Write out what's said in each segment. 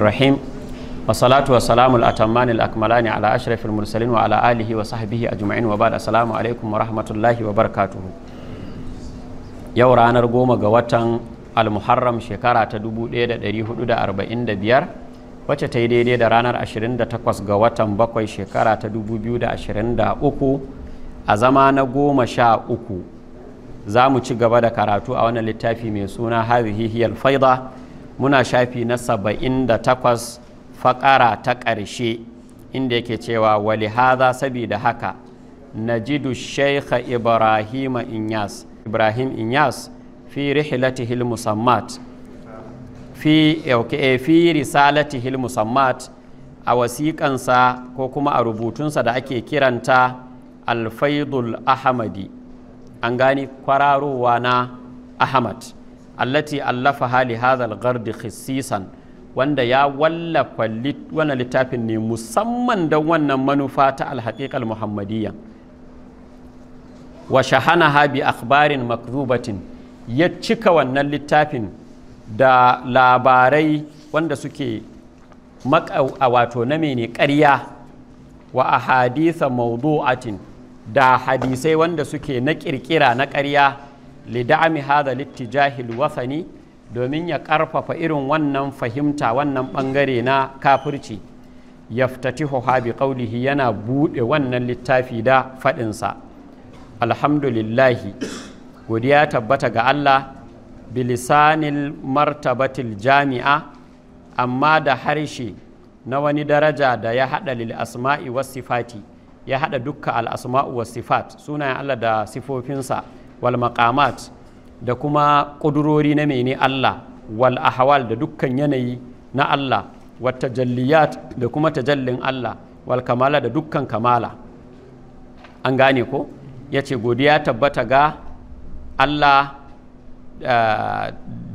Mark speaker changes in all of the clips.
Speaker 1: rahim wasalatu wasalamu al'atamman al'akmalani ala ashrafil mursalin wa ala alihi wa sahbihi ajma'in wa ba'da assalamu alaikum wa wa barakatuhu yau ranar goma ga watan al shekara ta wacce ta yi daidai da ranar 28 ga watan bakwai shekara ta 2023 a zama na goma sha uku za mu ci gaba da karatu a wannan littafi mai suna hadhihi faida muna shafi na saba'in da takwas faƙara ta ƙarshe inda yake cewa wali haza sabida haka jidu shaikha ibrahim inyas ibrahim inyas fi rihlatihil musammat fi okay, eh, fi risalatihil musammat a wasiƙansa ko kuma a rubutunsa da ake kiranta alfaidul ahmadi an gani kwararowa na ahmad allati allafa hali hadhal gard khissisan wanda ya wallafa wannan littafin ne musamman don wannan manufa ta alhaqiqal muhammadiyya wa shahana bi akbarin makzubatin ya cika wannan littafin da labarai wanda suke a wato na mene ƙarya wa a maudu'atin da hadisai wanda suke na ƙirƙira na ƙarya lida'ami hadha littijahil wasani domin ya karfafa irin wannan fahimta wannan bangare na kafirci ya ha bi qawlihi yana buɗe wannan littafi da faɗinsa alhamdulillahi godiya tabbata ga Allah bilisanin martabatil jami'a amma da harshe na wani daraja da ya haɗa lil asma'i sifati ya haɗa duka al asma'u wasifat sifat sunayen Allah da sifofinsa wal maqamat da kuma ƙudurori na mene Allah wal ahwal da dukkan yanayi na Allah wa tajalliyat da kuma tajallin Allah wal kamala da dukkan kamala an gane ko ya ce godiya tabbata ga Allah eh,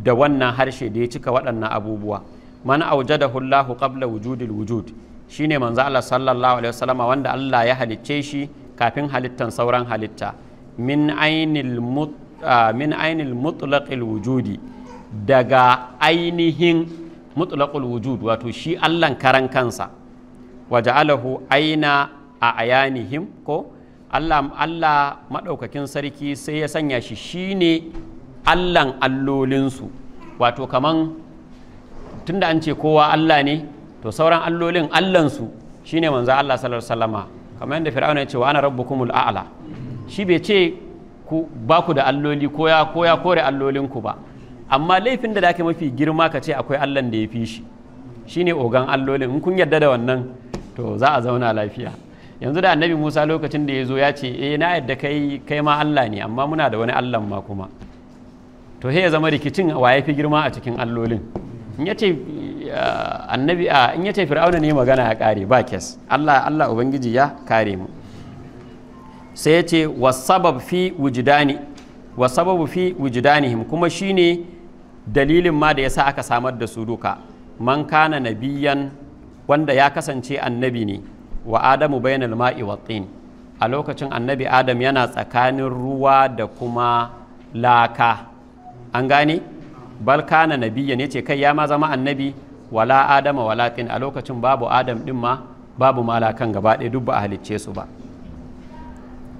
Speaker 1: da wannan harshe da ya cika waɗannan abubuwa man aujadahu Allahu qabla wujudil wujud shine manzo Allah sallallahu alaihi wasallama wanda Allah ya halicce shi kafin halittan sauran halitta min ainihin ah, min wujudi daga ainihin mutlaƙil wujud wato shi allan karan kansa waje alahu aina a ayanihim ko Allah Allah madaukakin sarki sai ya sanya shi shi ne allan allolinsu wato kaman tunda an ce kowa Allah ne to sauran allolin shi ne manzo Allah sallallahu alaihi wasallama kamar yadda Fir'auna ya ce wa ana rabbukumul a'la shi bai ce ba ku da alloli ko ya ko ya kore allolinku ba amma laifin da dake mafi girma ka ce akwai allan da ya fi shi shine ogan allolin in kun yarda da wannan to za a zauna lafiya yanzu da annabi musa lokacin da ya zo ya ce eh na yadda kai kai ma allah ne amma muna da wani allan ma kuma to he ya zama rikicin wa ya fi girma a cikin allolin in ya ce ah, ah, in ya ce fir'auna ne magana ya kare ba kes allah allah ubangiji ya kare mu sai ya ce wasabab fi wujidani wasababu fi wujidanihim kuma shine dalilin ma da ya sa aka samar da su duka man kana nabiyan wanda ya kasance annabi ne wa adamu bainal ma'i wa a lokacin annabi adam yana tsakanin ruwa da kuma laka an gane bal kana nabiyan ce kai ya ma zama annabi wala adama wala a lokacin babu adam din ma babu malakan gaba ɗaya duk ba a halicce su ba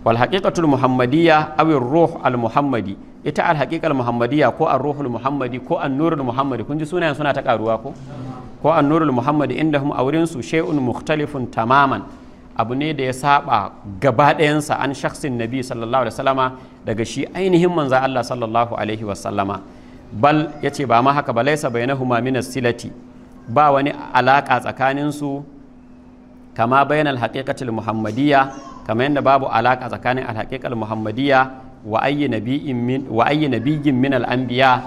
Speaker 1: wal haqiqatul muhammadiyya aw ruh al muhammadi ita al haqiqal muhammadiyya ko ar ruhul muhammadi ko an nurul muhammadi kun ji sunayen suna ta karuwa ko ko an nurul muhammadi hum awrin su shay'un mukhtalifun tamaman abu ne da ya saba gaba ɗayansa an shaksin nabi sallallahu alaihi wasallama daga shi ainihin manza Allah sallallahu alaihi wasallama bal yace ba ma haka ba laisa bainahuma min silati ba wani alaka tsakanin su kama bainal haqiqatil muhammadiyya kamar yadda babu alaka tsakanin alhaqiqal muhammadiyya wa ayyi nabiyyin min wa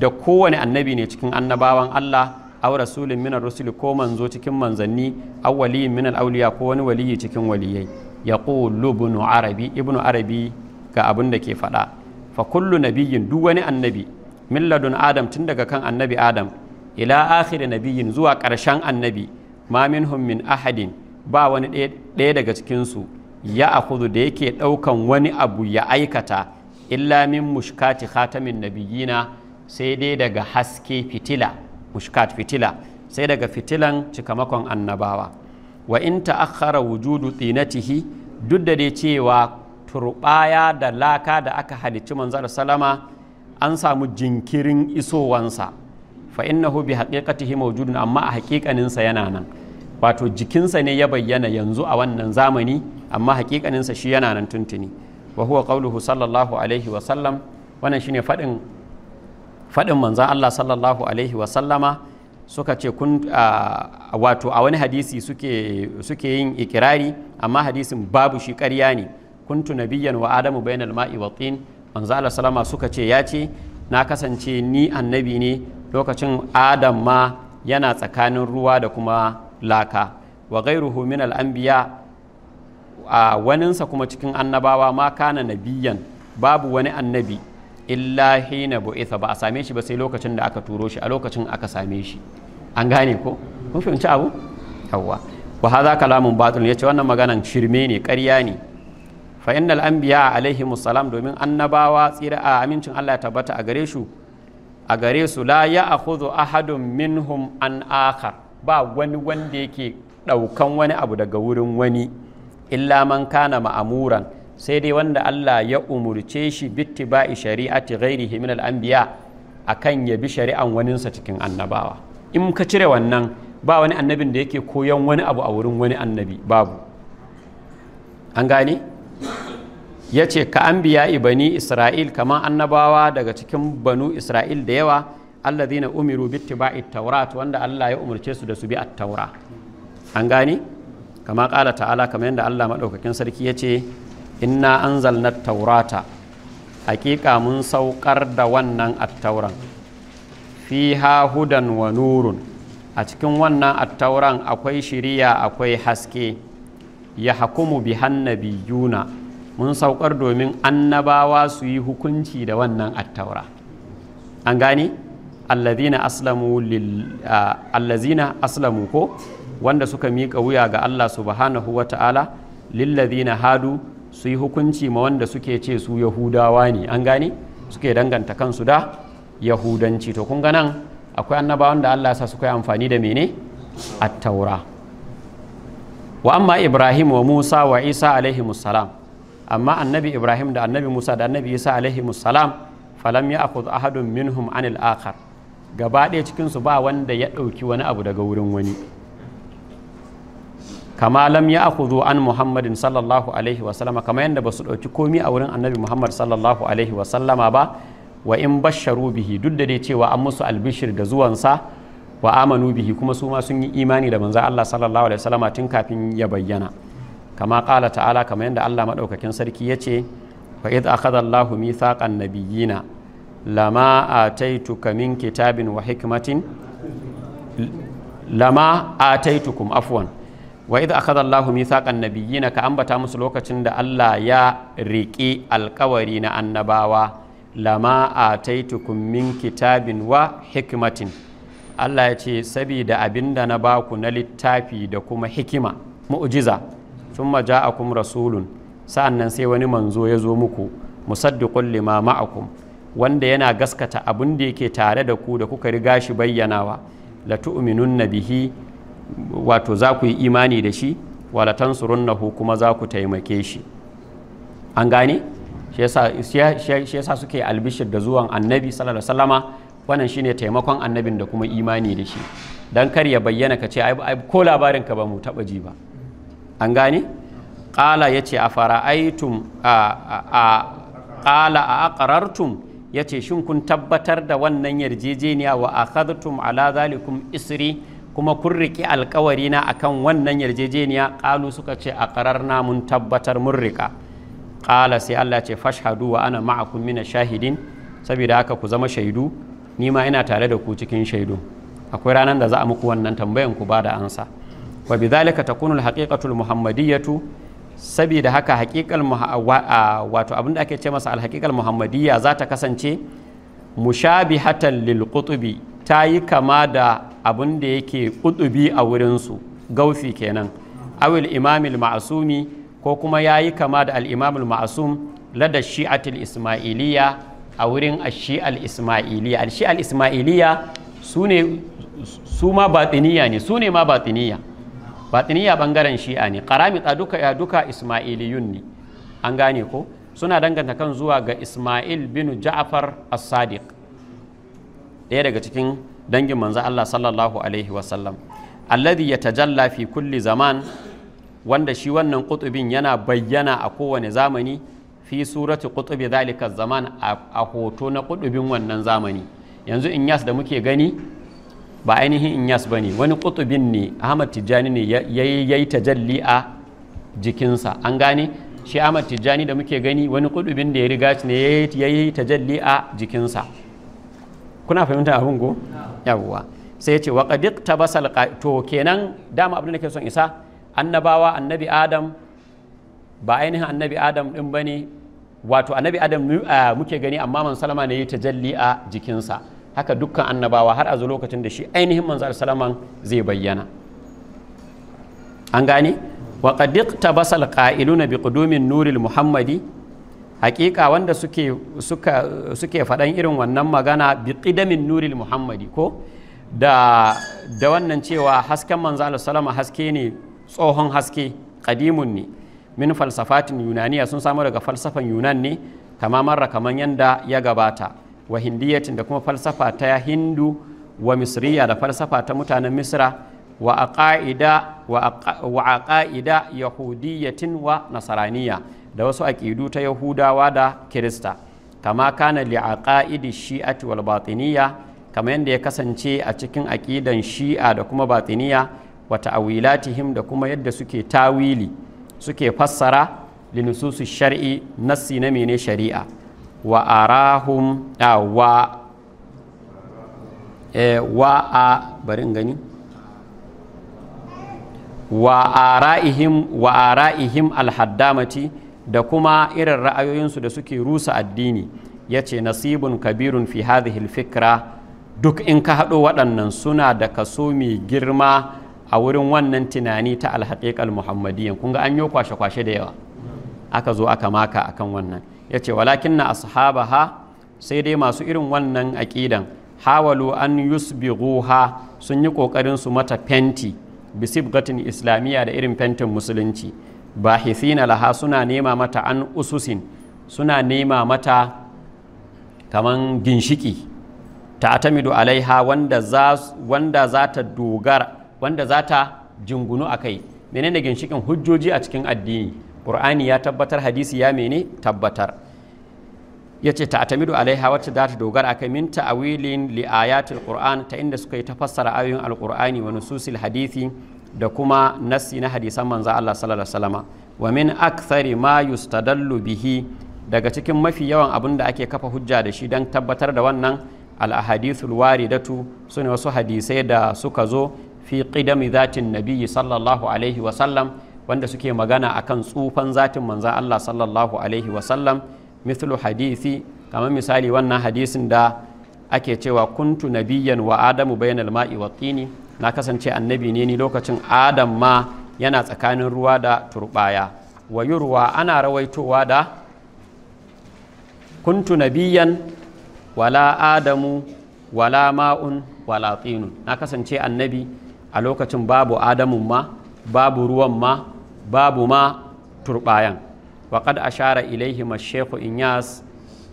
Speaker 1: da kowane annabi ne cikin annabawan Allah aw rasulin min ar ko manzo cikin manzanni aw waliyin min al-awliya ko wani waliyi cikin waliyai yaqulu ibn arabi ibn arabi ga abin da ke faɗa fa kullu nabiyyin duk wani annabi min ladun adam tun daga kan annabi adam ila akhir nabiyyin zuwa ƙarshen annabi ma minhum min ahadin ba wani ɗaya daga cikinsu ya akudu da yake ɗaukan wani abu ya aikata illa min mushkati khatamin nabiyina sai dai daga haske fitila mushkat fitila sai daga fitilan cikamakon annabawa wa in ta'akhkhara wujudu tsinatihi duk da dai cewa turbaya da laka da aka halicci manzar salama an samu jinkirin isowansa fa innahu bi haqiqatihi mawjudun amma a haƙiƙaninsa yana nan wato jikinsa ne ya bayyana yanzu a wannan zamani amma hakikaninsa shi yana nan tuntuni wa huwa qauluhu sallallahu alaihi wa sallam wannan shine fadin fadin manzon Allah sallallahu alaihi wa sallama suka ce kun wato a wani hadisi suke suke yin ikirari amma hadisin babu shi ƙarya ne kuntu nabiyyan wa adamu bainal ma'i wa tin manzon Allah sallama suka ce ya ce na kasance ni annabi ne lokacin adam ma yana tsakanin ruwa da kuma laka wa gairuhu min al'ambiya a waninsa kuma cikin annabawa ma kana nabiyan babu wani annabi illahi na bu'itha ba a same shi ba sai lokacin da aka turo shi a lokacin aka same shi an gane ko kun fahimci abu yawwa wa hadha kalamun batil yace wannan maganan shirme ne karya ne fa innal anbiya alaihi musallam domin annabawa tsira a amincin Allah ya tabbata a gare su a gare su la ya'khudhu ahadun minhum an akhar ba wani wanda yake ɗaukan wani abu daga wurin wani illa man kana ma'amuran sai dai wanda Allah ya umurce shi bitti ta shari'ati himinar an biya anbiya akan ya bi shari'an waninsa cikin annabawa in ka cire wannan ba wani annabin da yake koyon wani abu a wurin wani annabi babu an gane ya ce ka an biya ibani isra'il kamar annabawa daga cikin banu isra'il da yawa alladhina umiru bittiba'i tawrat wanda Allah ya umarci su da su bi at-taura an gani kama ƙala ta'ala kamar yadda Allah maɗaukakin sarki ya ce inna anzalna taurata haqiqa mun saukar da wannan attauran fiha hudan wa nurun a cikin wannan attauran akwai shiriya akwai haske ya hakumu bi hannabiyuna mun saukar domin annabawa su yi hukunci da wannan attaura an gani allazina aslamu lil allazina aslamu ko wanda suka miƙa wuya ga Allah subhanahu wa ta'ala lillazina hadu su yi hukunci ma wanda suke ce su yahudawa ne an gane suke danganta kansu da yahudanci to kun ganan akwai annabawan da Allah sa suka yi amfani da mene at-taura wa amma ibrahim wa musa wa isa alaihi musallam amma annabi ibrahim da annabi musa da annabi isa alaihi musallam falam ya akhudh ahadun minhum anil akhar gaba ɗaya cikinsu ba wanda ya ɗauki wani abu daga wurin wani kama lam ya zo an muhammadin sallallahu alaihi wasallama kama yadda ba su ɗauki komi a wurin annabi muhammad sallallahu alaihi wasallama ba wa in basharu bihi duk da dai cewa an musu albishir da zuwansa wa amanu bihi kuma su ma sun yi imani da manzo Allah sallallahu alaihi wasallama tun kafin ya bayyana kama ƙala ta'ala kama yadda Allah maɗaukakin sarki ya ce id akhadha Allahu mithaqan lama ataituka min kitabin wa hikmatin lama ataitukum afwan wa idh akhadha Allahu mithaqan nabiyyina ka ambata musu lokacin da Allah ya riƙi alƙawari na annabawa lama ataitukum min kitabin wa hikmatin Allah ya ce sabida abinda na baku na littafi da kuma hikima mu'jiza thumma ja'akum rasulun sa'annan sai wani manzo ya zo muku musaddiqun lima ma'akum wanda yana gaskata abin da yake tare da ku da kuka riga shi bayyanawa la tu'minun bihi wato za ku yi imani da shi wala tansurunnahu kuma za ku taimake shi an gane shi yasa suke albishir da zuwan annabi sallallahu alaihi wasallama wannan shine taimakon annabin da kuma imani da shi dan kar ya bayyana ka ce ai ko labarin ka ba mu taba ji ba an gane qala yace a a qala a ya ce shin kun tabbatar da wannan yarjejeniya wa akhadtum ala zalikum isri kuma kun riki alkawari na akan wannan yarjejeniya ƙalu suka ce a ƙararna mun tabbatar mun rika ƙala sai Allah ce fashhadu wa ana ma'akum shahidin saboda haka ku zama shaidu ni ma ina tare da ku cikin shaidu akwai ranar da za a muku wannan tambayan ku ba da ansa wa bidhalika takunu alhaqiqatu muhammadiyatu. saboda haka hakikal wato abinda ake ce masa alhakikal muhammadiyya za ta kasance mushabihatan lil qutubi ta yi kama da abin yake qutubi a wurinsu gaufi kenan awil imamil ma'asumi ko kuma ya yi kama da al'imamul ma'asum lada shi'atul ismailiya a wurin ashi'al ismailiya al-shi'al ismailiya su ne su ma batiniya ne su ne ma batiniya batiniya bangaren shi'a ne karamita duka ya duka ismailiyun ne an gane ko suna danganta kan zuwa ga ismail bin ja'far as-sadiq ɗaya daga cikin dangin manzo Allah sallallahu alaihi wasallam alladhi yatajalla fi kulli zaman wanda shi wannan kutubin yana bayyana a kowane zamani fi surati kutubi zalika zaman a hoto na kutubin wannan zamani yanzu in yas da muke gani ba ainihin inyas ba ne wani kutubin ne ahmad tijjani ne ya yi tajalli a jikinsa an gane shi ahmad tijjani da muke gani wani kutubin da ya riga shi ne ya yi tajalli a jikinsa kuna fahimta abin go yawuwa sai ce wa qadiq tabasal to kenan dama abin da ke son isa annabawa annabi adam ba ainihin annabi adam din ne, wato annabi adam eh, muke gani amma man salama ne ya tajalli a jikinsa haka dukkan annabawa har a zo lokacin da shi ainihin manzo salaman zai bayyana an gane wa qad tabasal qa'iluna bi qudumin nuril muhammadi haƙiƙa wanda suke suka suke faɗan irin wannan magana bi qidamin nuril muhammadi ko da da wannan cewa hasken manzo salama haske ne tsohon haske qadimun ne min falsafatin yunaniya sun samu daga falsafan yunan ne kama marra kaman yanda ya gabata wa hindiyatin da kuma falsafa ta hindu wa misriya da falsafa ta mutanen misra wa aqaida wa aqaida yahudiyatin wa nasaraniya da wasu aƙidu ta yahudawa da kirista kama kana li aqaidi shi'ati wal batiniya kama yadda ya kasance a cikin aƙidan shi'a da kuma batiniya wa ta'awilatihim da kuma yadda suke tawili suke fassara linususu shar'i nassi na mene shari'a wa arahum a wa e, wa a bari gani wa ara'ihim wa ara'ihim alhaddamati da kuma irin ra'ayoyinsu da suke rusa addini ya ce nasibun kabirun fi hadhihi fikra duk in ka haɗo waɗannan suna da kaso mai girma a wurin wannan tunani ta alhaƙiƙar muhammadiyyan kun ga an yi kwashe-kwashe da yawa aka zo aka maka akan wannan ya ce walakin na ha sai dai masu irin wannan aƙidan hawalu an ha sun yi ƙoƙarin su mata fenti gatin islamiyya da irin fentin musulunci ba hisina laha suna nema mata an ususin suna nema mata kaman ginshiki ta atamidu alaiha wanda za, wanda za ta dogara wanda za ta jingunu a kai menene ginshikin hujjoji a cikin addini ƙur'ani ya tabbatar hadisi ya mene tabbatar ya ce ta'atamidu alaiha wacce za ta dogara akan min ta'awilin li ayatil qur'an ta inda suka yi tafassara ayoyin alqur'ani wa nususil hadisi da kuma nassi na hadisan manzo Allah sallallahu alaihi wasallam wa min akthari ma yustadallu bihi daga cikin mafi yawan abin da ake kafa hujja da shi don tabbatar da wannan al ahadithul waridatu sune wasu hadisai da suka zo fi qidami zatin nabiyyi sallallahu alaihi wasallam wanda suke magana a kan tsufan zatin manza Allah sallallahu alaihi wasallam mithlu hadithi kamar misali wannan hadisin da ake cewa kuntu nabiyyan wa adamu bainal ma'i wa tini na kasance annabi ne ni lokacin adam ma yana tsakanin ruwa da turbaya wa yurwa ana rawaitowa da kuntu nabiyyan wala adamu wala ma'un wala tsinun na kasance annabi a lokacin babu adamun ma babu ruwan ma babu ma turbayan waƙad ashara ilaihi mashekhu inyas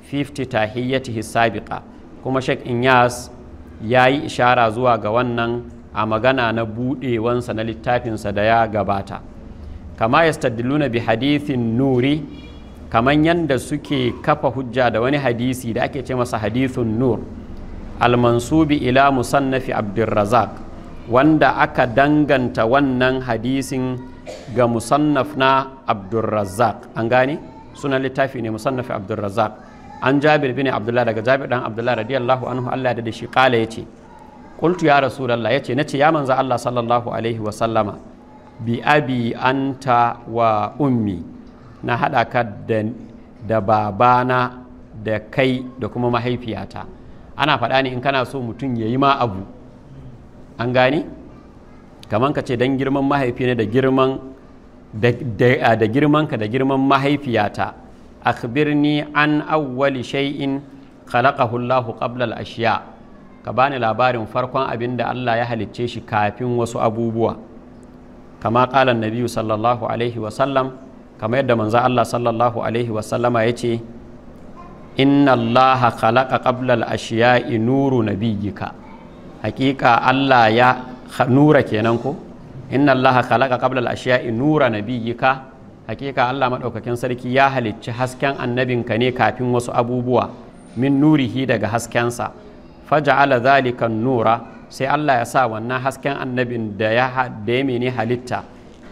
Speaker 1: 50 tahiyyatihi sabiqa kuma shek inyas ya yi ishara zuwa ga wannan a magana na buɗewansa na littafinsa da ya gabata kama stadiluna bi hadithin nuri kaman yadda suke kafa hujja da wani hadisi da ake ce masa hadithun nur almansubi ila musannafi abdulrazak wanda aka danganta wannan hadisin ga musannaf na abdulrazzaq an gane sunan littafi ne musannaf abdulrazzaq an jabir bin abdullahi daga jabir dan abdullahi radiyallahu anhu Allah da shi kala yace qultu ya rasulullah yace nace ya manzo Allah sallallahu alaihi wa sallama bi abi anta wa ummi na hada ka da da babana da kai da kuma mahaifiyata ana faɗa ne in kana so mutum ya yi ma abu an gane kamar ka ce don girman mahaifi ne da girman da girmanka da girman mahaifiyata akhbirni an awwali shay'in khalaqahu Allah qabla al-ashiya ka bani labarin farkon abin da Allah ya halicce shi kafin wasu abubuwa kama qala nabi'u sallallahu alaihi wa sallam kama yadda manzo Allah sallallahu alaihi wa sallama yace inna Allah khalaqa qabla al-ashiya'i nuru nabiyyika hakika Allah ya nura kenan ko inna allaha khalaqa qabla al-ashya'i nura nabiyyika hakika Allah maɗaukakin sarki ya halicci hasken annabinka ne kafin wasu abubuwa min nurihi daga haskensa faja'ala zalikan nura sai Allah ya sa wannan hasken annabin da ya da ne halitta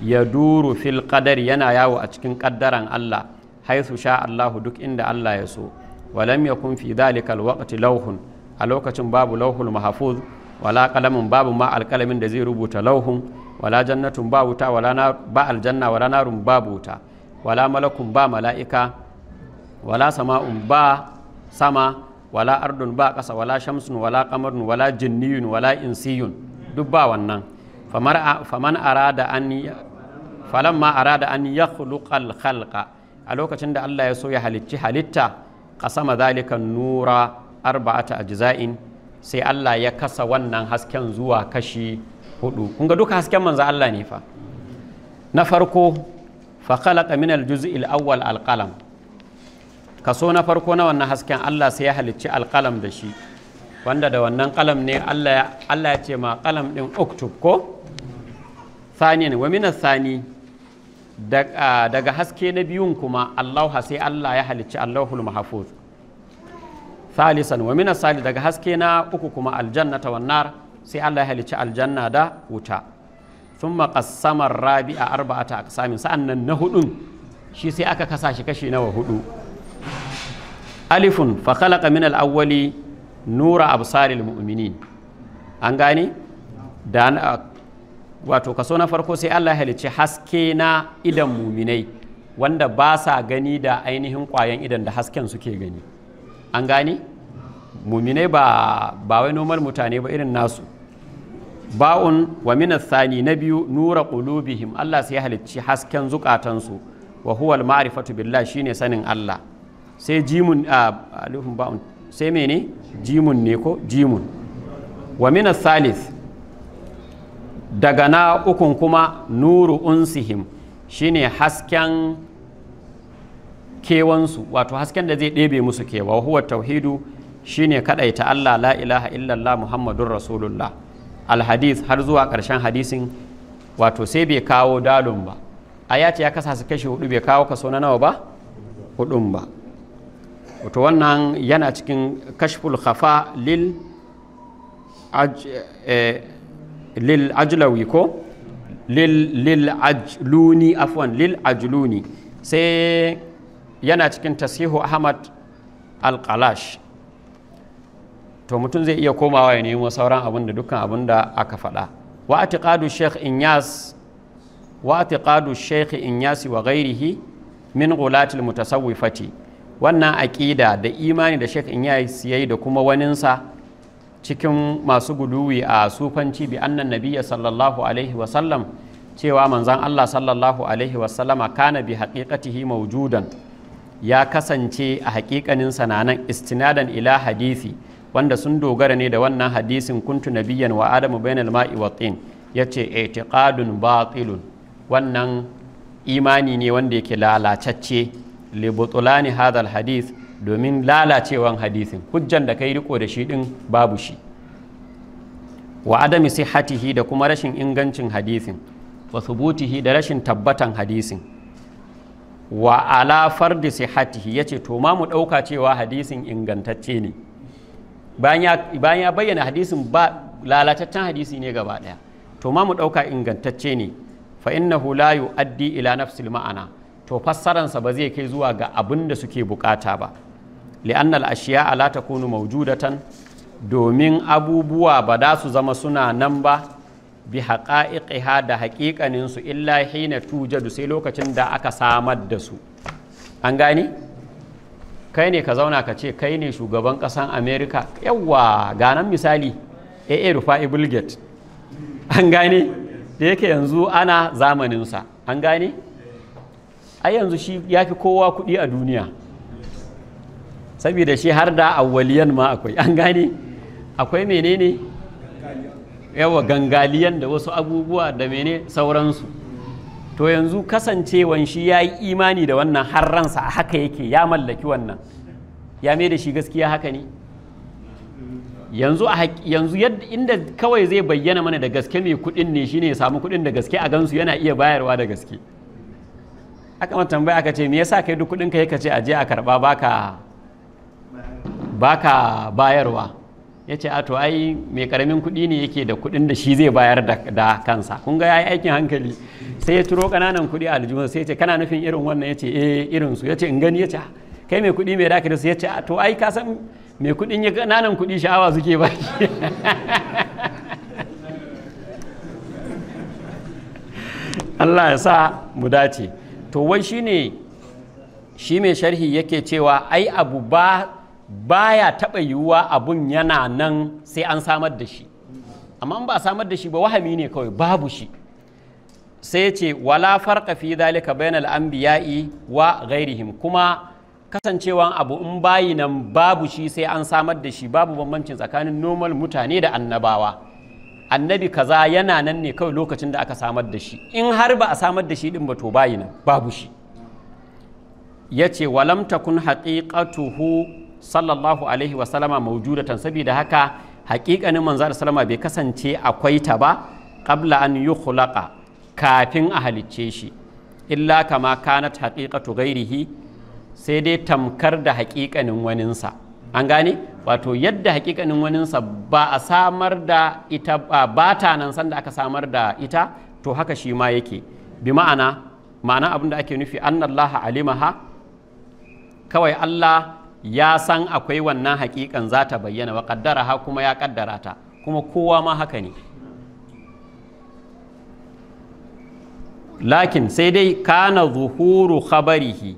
Speaker 1: ya duru fil qadari yana yawo a cikin kaddaran Allah haisu sha Allahu duk inda Allah ya so walam yakun fi zalikal waqti lauhun a lokacin babu lauhul mahfuz wala qalamin babu ma alqalamin da zai rubuta lauhun wala jannatun ba wuta wala na ba aljanna wala narun babu wuta wala malakun ba mala'ika wala sama'un ba sama wala ardun ba ƙasa wala shamsun wala qamarun wala jinniyun wala insiyun duk ba wannan faman arada an falamma arada an yakhluqal khalqa a lokacin da Allah ya so ya halicci halitta qasama zalika nura arba'ata ajza'in sai Allah ya kasa wannan hasken zuwa kashi hudu kun ga duka hasken manzo Allah ne fa na farko fa khalaqa min al-juz'il awwal al kaso na farko na wannan hasken Allah sai ya halicci alƙalam da shi wanda da wannan ƙalam ne Allah ya ce ma ƙalam ɗin uktub ko thaniyan wa min thani ah, daga haske na biyun kuma Allah sai Allah ya halicci Allahul mahfuz thalisan wa min sali daga haske na uku kuma Aljanna ta nar sai Allah ya halicci aljanna da wuta thumma qassama rabi'a arba'ata sa'an nan na hudun shi sai aka kasa shi kashi nawa hudu alifun fa khalaqa min al-awwali nura absaril mu'minin an gane da wato kaso na farko sai Allah ya halicci haske na idan muminai wanda ba sa gani da ainihin kwayan idan da hasken suke gani an gane muminai ba ba wai noman mutane ba irin nasu ba'un wa minas sani na biyu nura qulubihim Allah sai halicci hasken zukatansu wa huwal ma'rifatu billah shine sanin Allah sai jimun ah, alifin ba'un sai mene jimun ne ko jimun wa minas salis daga na ukun kuma nuru unsihim shine hasken kewansu wato hasken da zai ɗebe musu kewa huwa tauhidu shine ta Allah la ilaha illallah muhammadun rasulullah Alhadis har zuwa ƙarshen hadisin wato sai bai kawo dalun ba a ya kasa su kashe hudu bai kawo kaso na nawa ba hudun ba wato wannan yana cikin kashful khafa lil eh, lil ajlawi ko lil ajluni afwan lil ajluni sai yana cikin tasihu ahmad alkalash to mutum zai iya komawa ya nemo sauran abin da dukkan abin da aka faɗa wa atiqadu sheikh inyas wa atiqadu sheikh inyas wa ghairihi min ghulatil mutasawwifati wannan aqida da imani da sheikh inyas yayi da kuma waninsa cikin masu guduwi a sufanci bi annan nabiyya sallallahu alaihi wa sallam cewa manzon Allah sallallahu alaihi wa sallama kana bi haqiqatihi mawjudan ya kasance a hakikanin sananan istinadan ila hadisi wanda sun dogara ne da wannan hadisin kuntu nabiyyan wa adamu bainal ma'i wa tin yace i'tiqadun batilun wannan imani ne wanda yake lalacacce li butulani hadal hadis domin lalacewan hadisin hujjan da kai riko da shi din babu shi wa adami hatihi da kuma rashin ingancin hadisin wa thubutihi da rashin tabbatan hadisin wa ala fardi sihatihi yace to ma mu dauka cewa hadisin ingantacce ne bayan ya bayyana hadisin ba lalataccen hadisi ne gaba daya to ma mu dauka ingantacce ne fa innahu la yuaddi ila nafsil ma'ana to fassaransa ba zai kai zuwa ga abin da suke bukata ba li'annal ashiya alata takunu mawjudatan domin abubuwa ba da su zama suna nan ba bi haƙa'iƙiha da haƙiƙaninsu illa hina tujadu sai lokacin da aka samar da su an gani kai ne ka zauna ka ce kai ne shugaban ƙasan amerika yawwa ganan misali aa rufa'i bilget an gane da yake yanzu ana zamaninsa an gane ai yanzu shi ya fi kowa kuɗi a duniya saboda shi har da awwaliyan ma akwai an gane akwai menene yawa gangaliyan da wasu abubuwa da mene sauransu to yanzu kasancewan shi ya yi imani da wannan har ransa a haka yake ya mallaki wannan ya mai da shi gaskiya haka ne yanzu yanzu inda kawai zai bayyana mana da gaske mai kudin ne shine ya samu kudin da gaske a gansu yana iya bayarwa da gaske aka ma tambaya aka ce me yasa kai duk kudin ka yake ce aje a karba baka baka bayarwa ya ce a to ai mai karamin kuɗi ne yake da kuɗin da shi zai bayar da kansa kun ga yayi aikin hankali sai ya turo kananan kuɗi a aljihun sai ya ce kana nufin irin wannan ya ce eh irin su ya ce in gani ya ce kai mai kuɗi mai daka su ya ce a to ai ka san mai kuɗin ya kananan kuɗi sha'awa suke ba shi Allah ya sa mu dace to wai shine shi mai sharhi yake cewa ai abu ba baya taɓa yiwuwa abun yana nan sai an samar da shi amma ba a samar da shi ba wahami ne kawai babu shi sai ya ce wala farka fi dalika bainal anbiya'i wa ghairihim kuma kasancewan abu in bayi nan babu shi sai an samar da shi babu bambancin tsakanin normal mutane da annabawa annabi kaza yana nan ne kawai lokacin da aka samar da shi in har ba a samar da shi din ba to bayi nan babu shi ya ce walam takun haqiqatuhu sallallahu alaihi wasallama maujudatan saboda haka haƙiƙanin manzo da salama bai kasance akwai ta ba qabla an yukhlaqa kafin a halicce shi illa kama kanat haqiqatu ghairihi sai dai tamkar da haƙiƙanin waninsa an gane wato yadda haƙiƙanin waninsa ba a samar da ita ba ta nan sanda aka samar da ita to haka shi ma yake bi ma'ana ma'ana abin da ake nufi annallaha alimaha kawai Allah ya san akwai wannan haƙiƙan za ta bayyana wa ƙaddara ha kuma ya ƙaddara ta kuma kowa ma haka ne lakin sai dai kana zuhuru khabarihi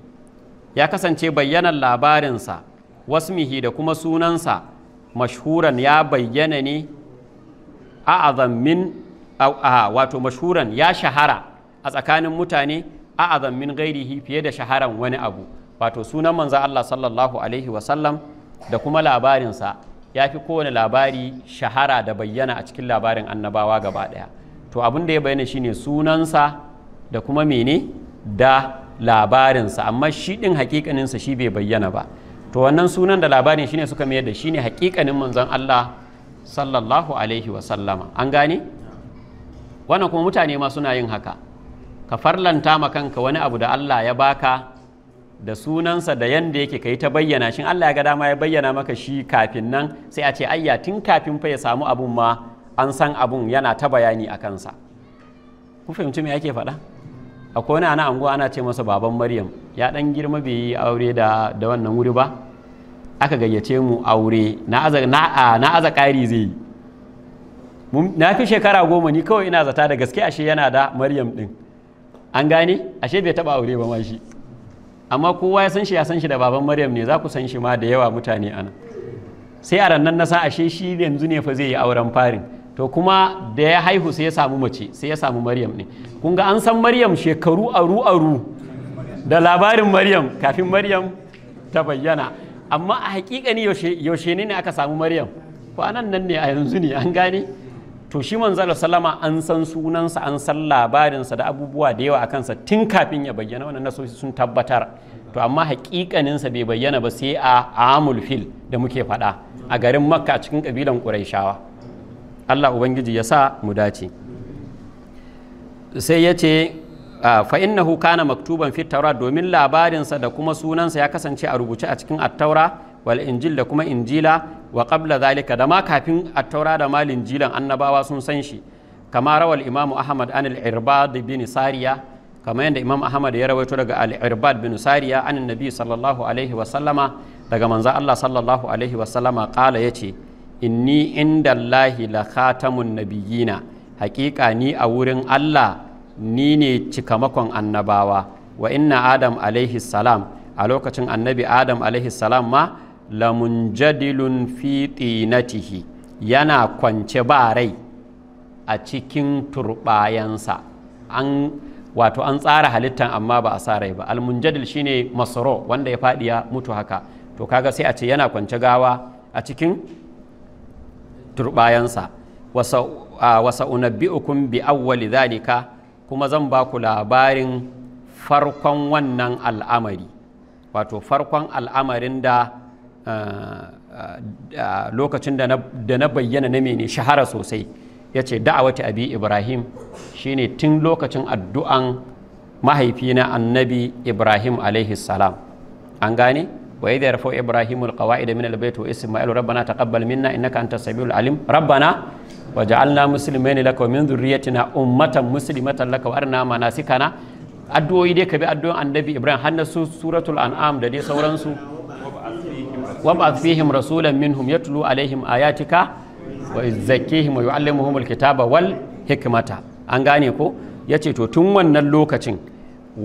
Speaker 1: ya kasance bayyana labarinsa wasmihi da kuma sunansa mashhuran ya bayyana ne a min wato mashhuran ya shahara a tsakanin mutane a min gairihi fiye da shaharan wani abu wato sunan manzan Allah sallallahu alaihi wasallam da kuma labarinsa ya fi kowane labari shahara da bayyana a cikin labarin annabawa gaba ɗaya to abin da ya bayyana shine sunansa da kuma mene da labarinsa amma shi ɗin hakikaninsa shi bai bayyana ba to wannan sunan da labarin shine suka mayar da shi shine hakikanin manzon Allah sallallahu alaihi wasallama an gane wannan kuma mutane ma suna yin haka ka farlanta ma kanka wani abu da Allah ya baka da sunansa da yanda yake kai ta bayyana shin Allah ya ga dama ya bayyana maka shi kafin nan sai a ce ayya tun kafin fa ya samu abun ma an san abun yana ta bayani a kansa ku fahimci me yake faɗa akwai wani ana anguwa ana ce masa baban Maryam ya dan girma bai yi aure da da wannan wuri ba aka gayyace mu aure na aza na, na aza zai yi na fi shekara goma ni kawai ina zata da gaske ashe yana da Maryam din an gane ashe bai taba aure ba ma shi amma kowa ya san shi ya san shi da baban maryam ne za ku san shi ma da yawa mutane ana sai a rannan na sa ashe shi yanzu ne fa zai yi auren farin to kuma da ya haihu sai ya samu mace sai ya samu maryam ne kun ga an san maryam shekaru aru aru da labarin maryam kafin maryam ta bayyana amma a hakika ne yaushe ne aka samu maryam kwanan nan ne a yanzu ne an gane to shi manzala sallama an san sunansa an san labarinsa da abubuwa da yawa a kansa tun kafin ya bayyana wannan nasoshi sun tabbatar to amma hakikaninsa bai bayyana ba sai a amul fil da muke faɗa a garin makka cikin ƙabilan ƙuraishawa allah ubangiji ya sa mu dace sai ya ce fa innahu kana maktuban fit taura domin labarinsa da kuma sunansa ya kasance a rubuce a cikin attaura Wal'injil da kuma injila wa qabla zalika da kafin a taura da ma linjilan annabawa sun san shi kama rawar Imam ahmad an al-irbad bin sariya kama yadda imam ahmad ya rawaito daga al-irbad bin sariya an nabi sallallahu alaihi wa sallama daga manza Allah sallallahu alaihi wa sallama qala yace inni indallahi la khatamun nabiyina haƙiƙa ni a wurin Allah ni ne cikamakon annabawa wa inna adam alaihi salam a lokacin annabi adam alaihi salam ma lamunjadilun fi tihi yana kwance ba rai a cikin turbayansa an wato an tsara halittan amma ba a sa rai ba almunjadil shine masoro wanda ya faɗi ya mutu haka to kaga sai a ce yana kwance gawa a cikin turbayansa wasa, unabbi ukun bi awwali zalika kuma zan ba ku labarin farkon wannan al'amari wato farkon al'amarin da lokacin da na bayyana na mene shahara sosai ya ce da'awati abi ibrahim shine tun lokacin addu'an mahaifina annabi ibrahim alaihi salam an gane wa idh rafa ibrahim alqawaida min albayt wa isma'il rabbana taqabbal minna innaka antas samiul alim rabbana waj'alna muslimin laka wa min dhurriyyatina ummatan muslimatan laka wa arina manasikana addu'o'i dai ka bi addu'an annabi ibrahim har na suratul an'am da dai sauransu وابعث فيهم رسولا منهم يتلو عليهم آياتك ويزكيهم ويعلمهم الكتاب والحكمة an gane ko yace to tun wannan lokacin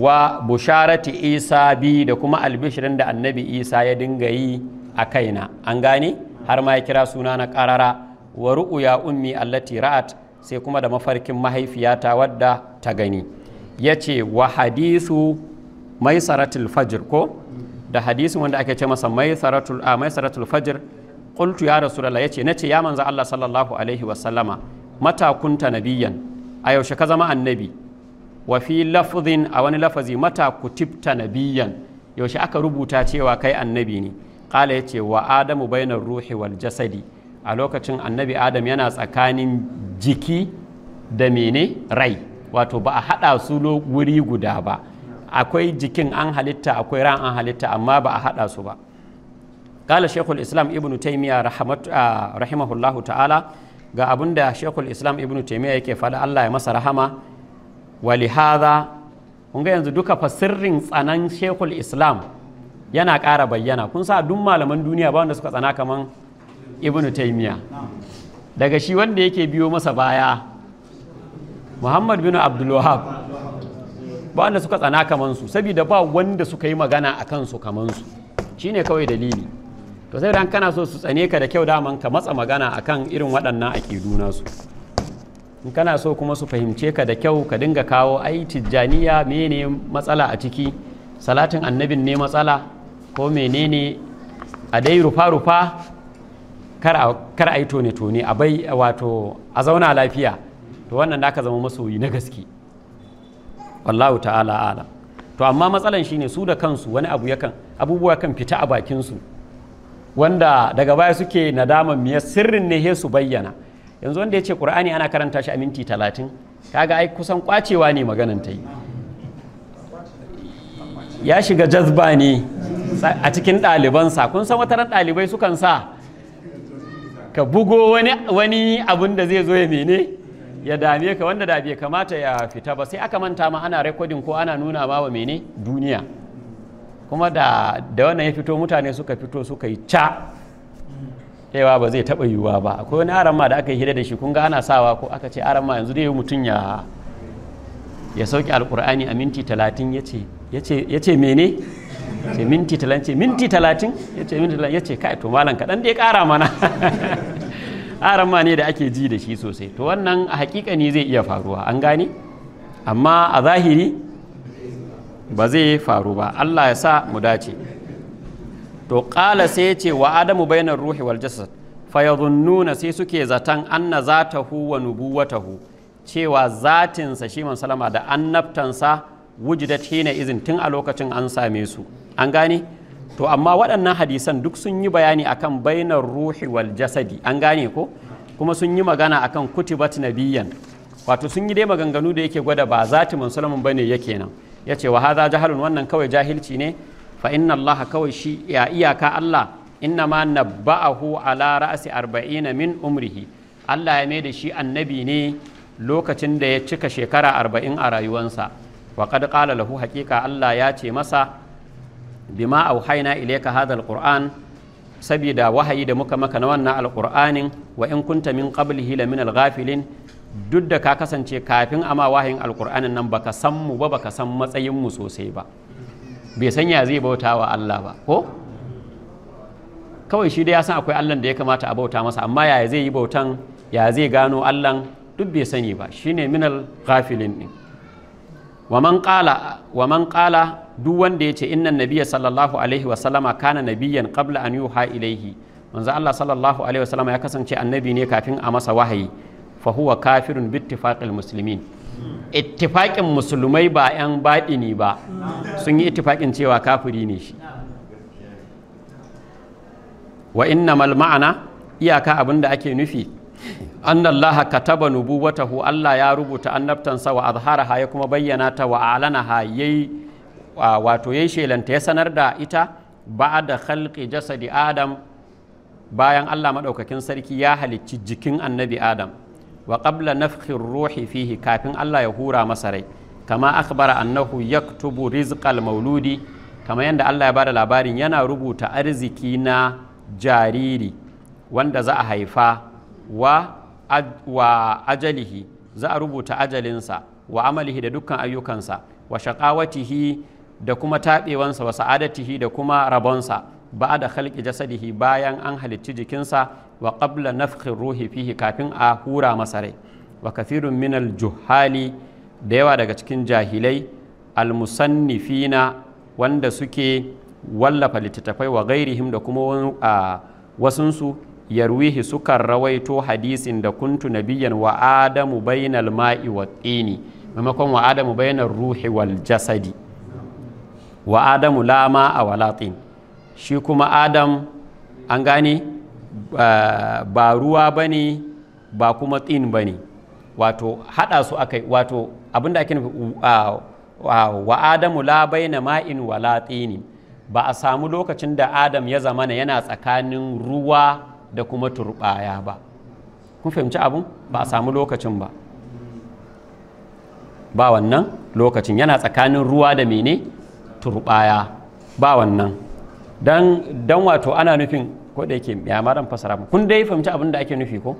Speaker 1: wa busharati isa bi da kuma albishirin da annabi isa ya dinga yi a kaina an gane har ma ya kira suna na karara wa ru'uya ummi allati ra'at sai kuma da mafarkin mahaifiyata wadda ta gani yace wa hadisu mai fajr ko da hadisin wanda ake ce masa maisaratul a mai saratul fajr qultu ya rasulullah yace nace ya manzo Allah sallallahu alaihi wa sallama mata kunta nabiyyan a yaushe ka zama annabi wa fi lafzin a wani lafazi mata kutibta nabiyyan yaushe aka rubuta cewa kai annabi ne qala yace wa adamu bainar ruhi wal jasadi a lokacin annabi adam yana tsakanin jiki da mene rai wato ba a haɗa su wuri guda ba akwai jikin an halitta akwai ran an halitta amma ba a haɗa su ba kala shekul islam ibnu taimiyya ah, rahimahullahu ta'ala ga abin da shekul islam ibnu taimiyya yake faɗa allah ya masa rahama wali kun ga yanzu duka fa sirrin tsanan shekul islam yana ƙara bayyana kun sa duk malaman duniya ba wanda suka tsana kaman ibnu taimiyya daga shi wanda yake biyo masa baya muhammad bin abdulwahab ba wanda suka tsana kaman su saboda ba wanda suka yi magana a kansu kaman su shine kawai dalili to sai dan kana so su tsane ka da kyau daman ka matsa magana akan irin waɗannan aƙidu nasu in kana so kuma su fahimce ka da kyau ka dinga kawo ai tijjaniya mene matsala a ciki salatin annabin ne matsala ko menene a dai rufa-rufa kar a yi tone-tone a bai wato a zauna lafiya to wannan da aka zama masoyi na gaske wallahu ta'ala alam to amma matsalan shine su da kansu wani abu yakan abubuwa kan fita a bakin su wanda daga baya suke nadaman miya sirrin ne su bayyana yanzu wanda ya ce qur'ani ana karanta shi a minti talatin kaga ai kusan kwacewa ne maganan ta yi ya shiga jazba ne a cikin ɗalibansa kun san wataran ɗalibai sukan sa ka bugo wani abun da zai zo ya mene ya dame ka wanda da bai kamata ya fita ba sai aka manta ma ana rekodin ko ana nuna ma wa mene duniya kuma da da wannan ya fito mutane suka fito suka yi ca cewa ba zai taɓa yiwuwa ba akwai wani aran ma da aka yi hira da shi kun ga ana sawa ko aka ce aran ma yanzu dai mutum ya ya sauke alkur'ani a minti talatin ya ce mene ce minti talatin ce minti talatin ya ce minti talatin ya ce kai to malam kaɗan dai ƙara mana arama ne da ake ji da shi sosai to wannan a ne zai iya faruwa an gane amma a zahiri ba zai faru ba Allah ya sa mu dace to ƙala sai ya ce wa adamu bainar ruhi wal jasad fayazunnuna sai suke zaton anna zatahu wa nubuwatahu cewa zatinsa shi man salama da annabtansa wujidat hina izin tun a lokacin an same su an gane to amma waɗannan hadisan duk sun yi bayani akan bainar ruhi wal jasadi an gane ko kuma sun yi magana akan kutibat nabiyan wato sun yi dai maganganu da yake gwada ba zati musulmin bane yake nan ya ce wa hadha jahalun wannan kawai jahilci ne fa inna Allah kawai shi ya iyaka Allah inna ma nabba'ahu ala ra'asi 40 min umrihi Allah ya mai da shi annabi ne lokacin da ya cika shekara arba'in a rayuwansa wa qad qala lahu haqiqa Allah ya ce masa bima auhaina ilayka hadha alquran sabida wahayi da muka maka na wannan alqur'anin wa in kunta min qablihi la min alghafilin duk da ka kasance kafin ama wahayin alqur'anin nan baka san mu ba baka san matsayin mu sosai ba bai san ya zai bauta wa Allah ba ko kawai shi dai ya san akwai Allah da ya kamata a bauta masa amma ya zai yi bautan ya zai gano Allah duk bai sani ba shine minal ghafilin din wa man qala wa man qala duk wanda ce innan nabiyya sallallahu alaihi wa sallama kana nabiyyan qabla an ilaihi manzo Allah sallallahu alaihi wa ya kasance annabi ne kafin a masa wahayi fa huwa kafirun bittifaqil muslimin ittifaqin musulmai ba yan baɗini ba sun yi ittifaqin cewa kafiri ne shi wa innamal ma'ana iyaka abinda ake nufi anna allaha kataba nubuwatahu Allah ya rubuta annabtansa wa azharaha ya kuma bayyana ta wa alanaha yayi wato yayi shelanta ya sanar da ita ba'da khalqi jasadi adam bayan Allah madaukakin sarki ya halicci jikin annabi adam wa qabla nafkin ruhi fihi kafin Allah ya hura masa rai kama akhbara annahu yaktubu rizqal mauludi kama yadda Allah ya bada labarin yana rubuta arziki na jariri wanda za a haifa wa wa ajalihi za a rubuta ajalinsa wa amalihi da dukkan ayyukansa wa shaqawatihi da kuma taɓewansa wa sa'adatihi da kuma rabonsa ba da halki jasadihi bayan an halicci jikinsa wa qabla nafkin ruhi fihi kafin a hura masa rai wa kathirun minal juhali da yawa daga cikin jahilai almusannifina wanda suke wallafa littattafai wa gairihim da kuma wasunsu yarwihi sukan rawaito hadisin da kuntu nabiyan wa adamu bainal ma'i wa tsini maimakon wa adamu bainar ruhi wal jasadi wa adamu lama a walatin shi kuma adam an gane ba ruwa ba ne ba kuma tsin ba ne wato haɗa su aka wato abinda ake nufi wa adamu la baina ma'in wa latsini, ba a samu lokacin da adam ya zamana yana tsakanin ruwa da kuma turbaya ba kun fahimci abin ba a samu lokacin ba ba wannan lokacin yana tsakanin ruwa da mene turbaya ba wannan dan wato ana nufin ko da yake ya maran dan fasara kun dai fahimci abin da ake nufi ko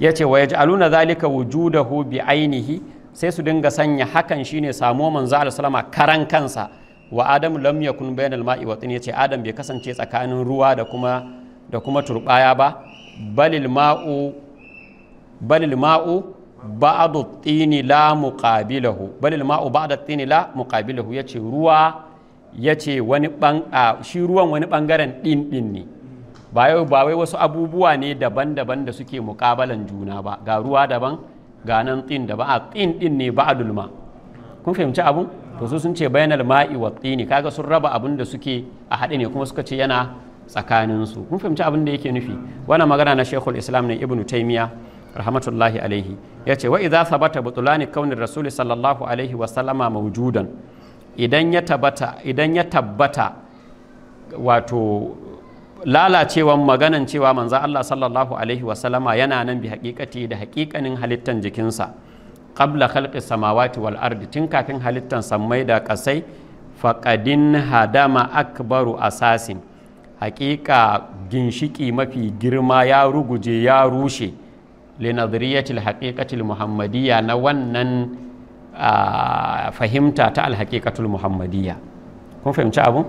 Speaker 1: ya ce wa yaj'aluna zalika wujudahu bi ainihi sai su dinga sanya hakan shine samo manzo Allah salama karan kansa wa adam lam yakun bainal ma'i wa tin ce adam bai kasance tsakanin ruwa da kuma da kuma turbaya ba balil ma'u balil ma'u ba'adu tini la muqabilahu balil ma'u ba'adu tini la muqabilahu ce ruwa ce wani ban shi ruwan wani bangaren din din ne ba yau ba wai wasu abubuwa ne daban-daban da suke muƙabalan juna ba ga ruwa daban ga nan tin da ba a tin din ne ba'adul ma kun fahimci abun to su sun ce bayanal ma'i wa tini kaga sun raba abun da suke a haɗe ne kuma suka ce yana tsakaninsu kun fahimci abin da yake nufi wannan magana na shekul islam ne ibnu taimiya rahmatullahi alaihi ya ce wa idza sabata butulani kaunin rasuli sallallahu alaihi wa sallama mawjudan idan ya tabbata idan ya tabbata wato lalacewan maganan cewa manzo Allah sallallahu alaihi wa sallama yana nan bi haƙiƙati da haƙiƙanin halittan jikinsa qabla khalqi samawati wal ardi tun kafin halittan sammai da kasai faqadin hadama akbaru asasin Haƙiƙa ginshiki mafi girma ya ruguje ya rushe linadriyatil haqiqatil muhammadiyya na wannan fahimta ta alhaqiqatul muhammadiyya kun fahimci abu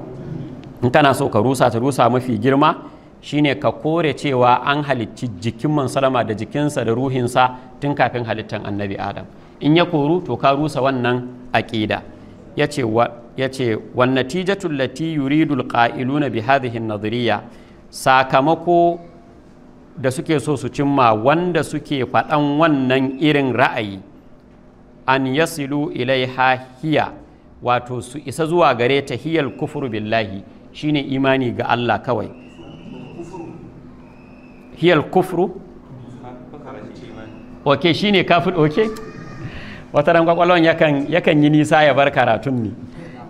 Speaker 1: in kana so ka rusa ta rusa mafi girma shine ka kore cewa an halicci jikin mansalama da jikinsa da ruhinsa tun kafin halittan annabi adam in ya koru to ka rusa wannan aƙida ya ce ya ce tijatun lati yuridu alqa'iluna bi hadhihi an sakamako da suke so su cimma wanda suke faɗan wannan irin ra'ayi an yasilu ilaiha hiya wato su isa zuwa gare ta hiyal kufuru billahi shine imani ga Allah kawai hiyal kufru ok shine kafin ok wata ran kwakwalwan yakan yi nisa ya bar karatun ne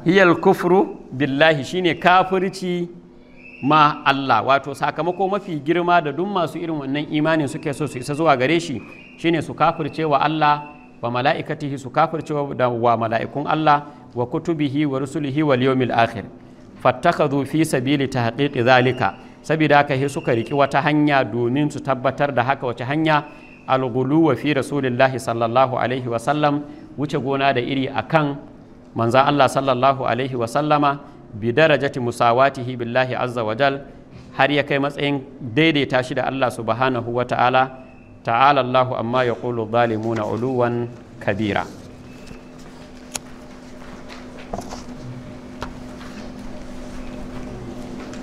Speaker 1: hiyal kufru billahi shine kafirci ma Allah wato sakamako mafi girma da duk masu irin wannan imanin suke so su isa zuwa gare shi shine su kafirce wa Allah wa mala'ikatihi su kafirce wa mala'ikun Allah wa kutubihi wa rusulihi wal yawmil akhir fattakhadhu fi sabili tahqiqi zalika saboda haka he suka riki wata hanya domin su tabbatar da haka wace hanya alghulu wa fi rasulillahi sallallahu alaihi wa sallam wuce gona da iri akan manzan Allah sallallahu alaihi wasallama bi darajati musawatihi billahi azza wa har ya kai matsayin daidaita shi da Allah subhanahu wa ta'ala ta'ala Allahu amma ya ƙulu zalimuna uluwan kabira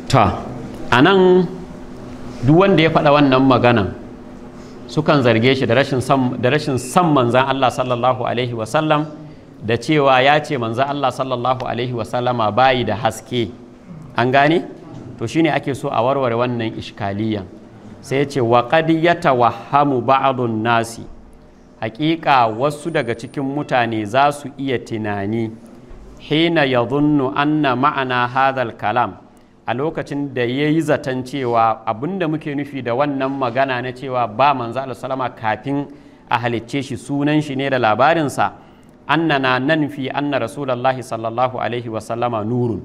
Speaker 1: ta a nan duk wanda ya faɗa wannan maganan sukan zarge shi da rashin san manzan Allah sallallahu alaihi wasallam da cewa ya ce manzo Allah sallallahu alaihi wasallama bayi da haske an gane to shine ake so a warware wannan ishkaliyan sai ya ce wa ya tawahamu ba'adun nasi hakika wasu daga cikin mutane za su iya tunani hina ya yadhunnu anna ma'ana hadhal kalam a lokacin da ya yi zaton cewa abinda muke nufi da wannan magana na cewa ba manzo Allah sallama kafin a halicce shi sunan shi ne da labarinsa annana nan fi anna rasulullahi sallallahu alaihi wasallama nurun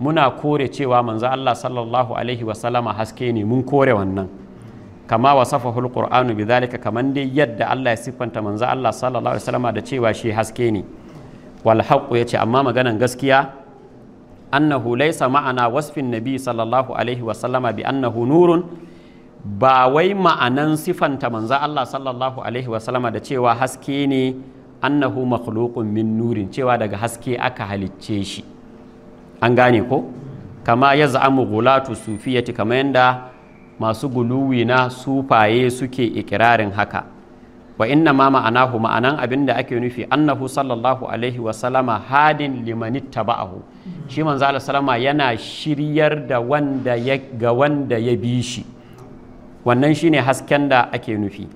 Speaker 1: muna kore cewa manzo Allah sallallahu alaihi wasallama haske ne mun kore wannan kama wasafahu alqur'anu bidhalika kaman dai yadda Allah ya sifanta manzo Allah sallallahu alaihi wasallama da cewa shi haske ne wal haqqu yace amma maganan gaskiya annahu laysa ma'ana wasfin nabi sallallahu alaihi wasallama bi annahu nurun ba wai ma'anan sifanta manzo Allah sallallahu alaihi wasallama da cewa haske ne annahu makhluqun min nurin cewa daga haske aka halicce shi an gane ko kama ya za'amu gulatu sufiyati kama yanda masu guluwi na sufaye suke ikirarin haka wa inna ma ma'anahu ma'anan abin da ake nufi annahu sallallahu alaihi wa sallama hadin limani taba'ahu shi manzo Allah sallama yana shiryar da wanda ya ga wanda ya bi shi wannan shine hasken da ake nufi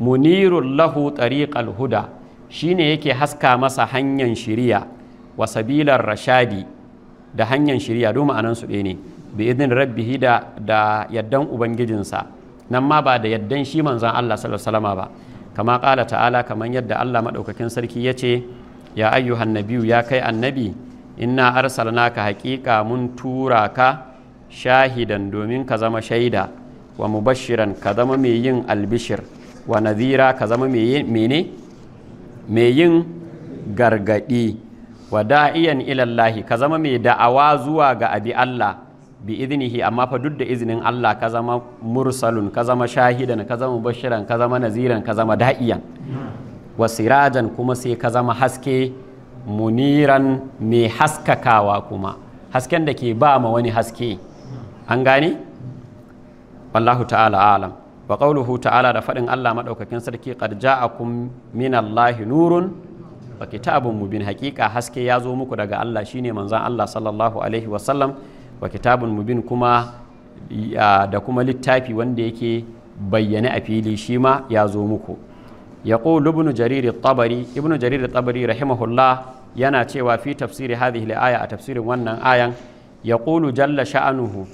Speaker 1: munirul lahu tariqal huda Shi ne yake haska masa hanyar shiriya wa sabilar rashadi da hanyar shiriya domin anan su ne bi idin rabbihi da da yaddan ubangijinsa nan ma ba da yaddan shi manzon Allah sallallahu alaihi ba kama ƙala ta'ala kamar yadda Allah maɗaukakin sarki ya ce ya ayyuhan hannabiyu ya kai annabi inna arsalnaka haƙiƙa mun tura ka shahidan domin ka zama shaida wa mubashiran ka zama mai yin albishir wa nadhira ka zama mene mai yin gargaɗi wa da'iyan ilallahi ka zama mai da'awa zuwa ga abi Allah bi iznihi amma fa duk da izinin Allah ka zama mursalun ka zama shahidan ka zama bashiran ka zama naziran ka zama da'iyan wa sirajan kuma sai ka zama haske muniran mai haskakawa kuma hasken da ke ba ma wani haske an gane wallahu ta'ala alam wa qawluhu ta'ala da faɗin Allah maɗaukakin sarki qad ja'akum minallahi nurun wa kitabun mubin haƙiƙa haske ya zo muku daga Allah shine manzon Allah sallallahu alaihi wa sallam mubin kuma da kuma littafi wanda yake bayyane a fili shi ma ya zo muku yaqul ibnu jarir tabari ibnu jarir tabari rahimahullah yana cewa fi tafsiri hadhihi al-aya a tafsirin wannan ayan yaqulu jalla sha'anuhu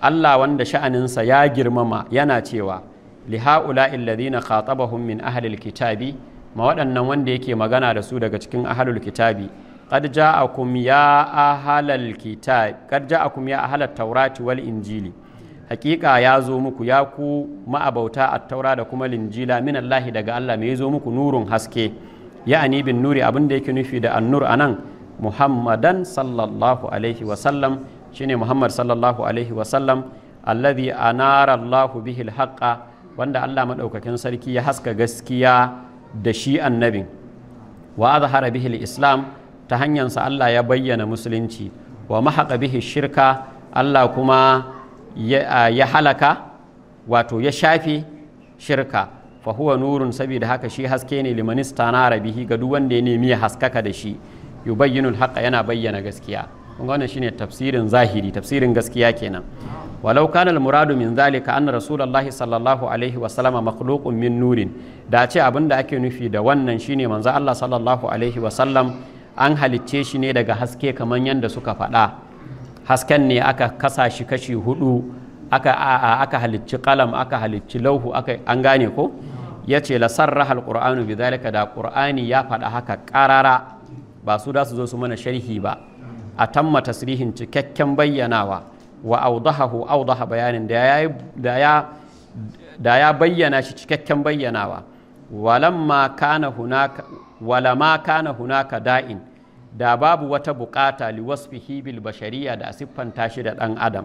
Speaker 1: Allah wanda sha'aninsa ya girmama yana cewa li ha'ula'il ladina khatabahum min ahlil kitabi ma waɗannan wanda yake magana da su daga cikin ahlul kitabi qad ja'akum ya ahlal kitab qad ja'akum ya ahlat tawrati wal injili hakika ya zo muku ya ku ma'abauta at-taura da kuma linjila min Allah daga Allah me zo muku nurun haske ya'ani bin nuri abin da yake nufi da annur anan muhammadan sallallahu alaihi wa sallam shine Muhammad sallallahu alaihi wasallam alladhi anara Allahu bihi alhaqa wanda Allah madaukakin sarki ya haska gaskiya da shi annabin wa azhara bihi islam ta hanyarsa Allah ya bayyana musulunci wa mahaqa bihi shirka Allah kuma ya halaka wato ya shafe shirka fa huwa nurun saboda haka shi haske ne limanista na rabihi ga duk wanda ya nemi ya haskaka da shi yubayyinul haqa yana bayyana gaskiya kun wannan shine tafsirin zahiri tafsirin gaskiya kenan walau kana al-muradu min zalika anna rasulullahi sallallahu alaihi wa sallama makhluqun min nurin da ce abinda ake nufi da wannan shine manzo Allah sallallahu alaihi wa sallam an halicce shi ne daga haske kamar yadda suka faɗa hasken ne aka kasa shi kashi hudu aka aka halicci kalam aka halicci lauhu aka an gane ko ya ce la sarraha al-qur'anu da qur'ani ya faɗa haka qarara ba su da su zo su mana sharhi ba a tamma tasrihin cikakken bayyanawa wa audahahu audaha bayanin da ya bayyana shi cikakken bayyanawa walamma kana hunaka walama kana hunaka da'in da babu wata bukata liwasfihi bil bashariya da siffanta shi da dan adam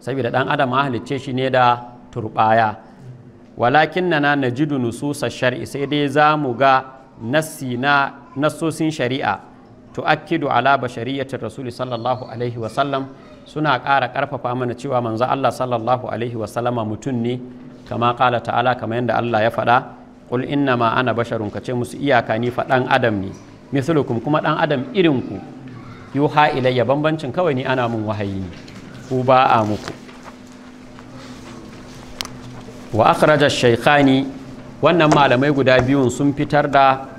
Speaker 1: saboda dan adam halicce shi ne da turbaya walakin na najidu nususa shar'i sai dai za mu ga nassi na nassosin shari'a tu'akkidu ala bashariyatin rasuli sallallahu alaihi sallam suna ƙara ƙarfafa mana cewa manzo Allah sallallahu alaihi wasallama mutum ne kama ƙala ta'ala kamar yadda Allah ya faɗa qul innama ana basharun ce musu iyaka ni faɗan adam ne mislukum kuma ɗan adam irin ku yuha ilayya bambancin kawai ni ana mun wahayi ne ku ba a muku wa akhraja shaykhani wannan malamai guda biyun sun fitar da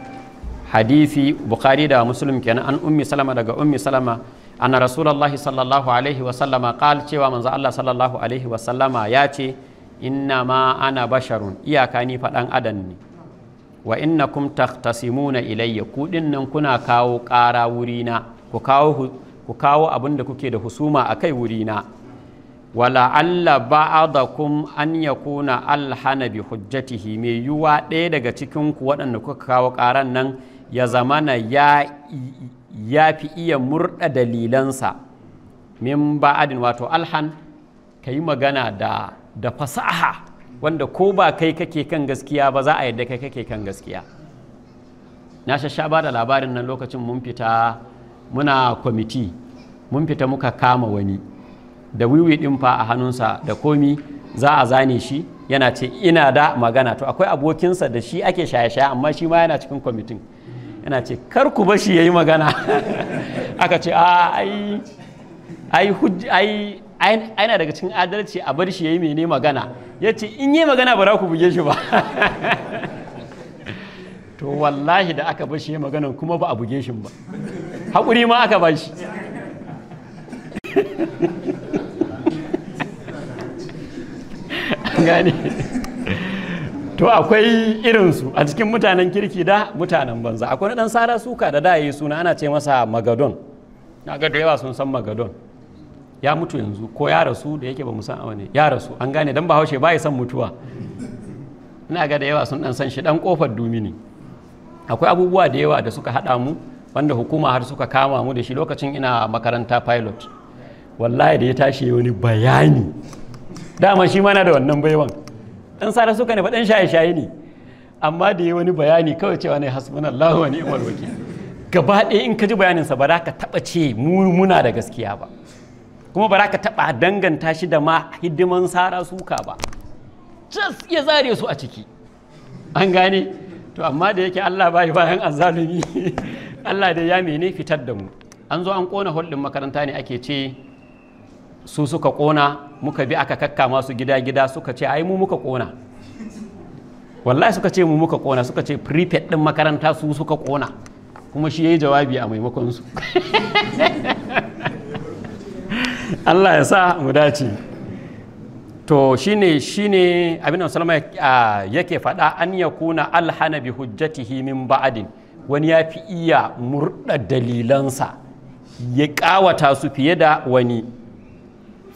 Speaker 1: hadisi bukhari da muslim kenan an ummi salama daga ummi salama anna rasulullahi sallallahu alaihi wa sallama qal cewa manzo Allah sallallahu alaihi wa sallama ya ce inna ma ana basharun iyaka ni fadan adam ne wa innakum taqtasimuna ilayya ku nan kuna kawo ƙara wurina ku kawo ku kawo abin da kuke da husuma akai wurina wala alla ba'adakum an yakuna alhana bi hujjatihi mai yuwa ɗaya daga cikin ku waɗanda kuka kawo ƙaran nan ya zamana ya fi iya murɗa dalilansa min ba'adin wato alhan ka yi magana da, da fasaha wanda ko ba kai kake kan gaskiya ba za a yadda kai kake kan gaskiya na shasha ba da labarin nan lokacin mun fita muna kwamiti mun fita muka kama wani da wiwi ɗin fa a hannunsa da komi za a zane shi yana ce ina da magana to akwai abokinsa da shi ake shaye-shaye amma shi ma yana cikin kwamitin yana ce kar ku bashi yayi magana aka ce ah, ai ai ai aina daga cikin adalci a bar shi yayi mene magana yace in yi magana ba za ku buge shi ba to wallahi da aka bashi yayi magana kuma ba a buge shi ba haƙuri ma aka bashi gane to akwai irinsu a cikin mutanen kirki da mutanen banza akwai dan sara suka da da suna ana ce masa magadon na ga da yawa sun san magadon ya mutu yanzu ko ya rasu da yake ba mu san wani, ya rasu an gane dan bahaushe ba ya san mutuwa ina ga da yawa sun dan san shi dan kofar dumini akwai abubuwa da yawa da suka haɗa mu wanda hukuma har suka kama mu da shi lokacin ina makaranta pilot wallahi da ya tashi wani bayani dama shi mana da wannan baiwan Ɗan sara suka ne ba ɗan shaye-shaye ne amma da ya wani bayani kawai cewa ne hasbunallahu wa ni'mal wakil gaba ɗaya in ka ji bayaninsa ba za ka taɓa ce muna da gaskiya ba kuma ba za ka taɓa danganta shi da ma hidiman sara suka ba just ya zare su a ciki an gane to amma da yake allah bai bayan azzalumi allah da ya mene fitar da mu an zo an ƙona hulɗin makaranta ne ake ce su suka kona muka bi aka kakka masu gida-gida suka ce ai mu muka kona wallahi suka ce mu muka kona suka ce prefect din makaranta su suka kona kuma shi yayi jawabi a maimakon su Allah ya sa mu dace to shine shine abin da musulma yake faɗa an yakuna alhana bi hujjatihi min ba'din wani ya fi iya murɗa dalilansa ya ƙawata su fiye da wani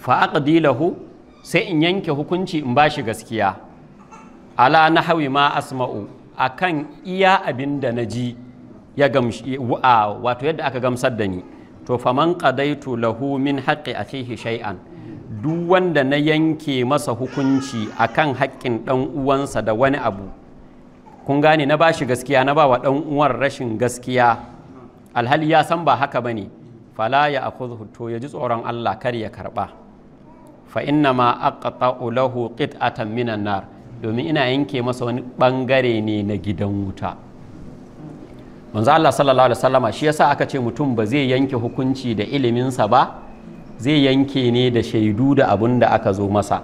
Speaker 1: fa’aƙadi lahu sai in yanke hukunci in ba shi gaskiya ala na hawi ma asma'u akan iya abin da na ji ya gamshi wato yadda aka gamsar da ni to faman ƙadaitu lahu min a fihi shay'an duk wanda na yanke masa hukunci akan haƙƙin ɗan uwansa da wani abu kun gane na ba shi gaskiya na bawa ɗan uwan rashin gaskiya alhali ya san ba haka ba ne. fala ya akwai to ya ji tsoron Allah kar ya karɓa fa inna ma ta'ulahu lahu qit'atan minan nar domin ina yanke masa wani bangare ne na gidan wuta manzo Allah sallallahu alaihi wasallama shi yasa aka ce mutum ba zai yanke hukunci da iliminsa ba zai yanke ne da shaidu da abun da aka zo masa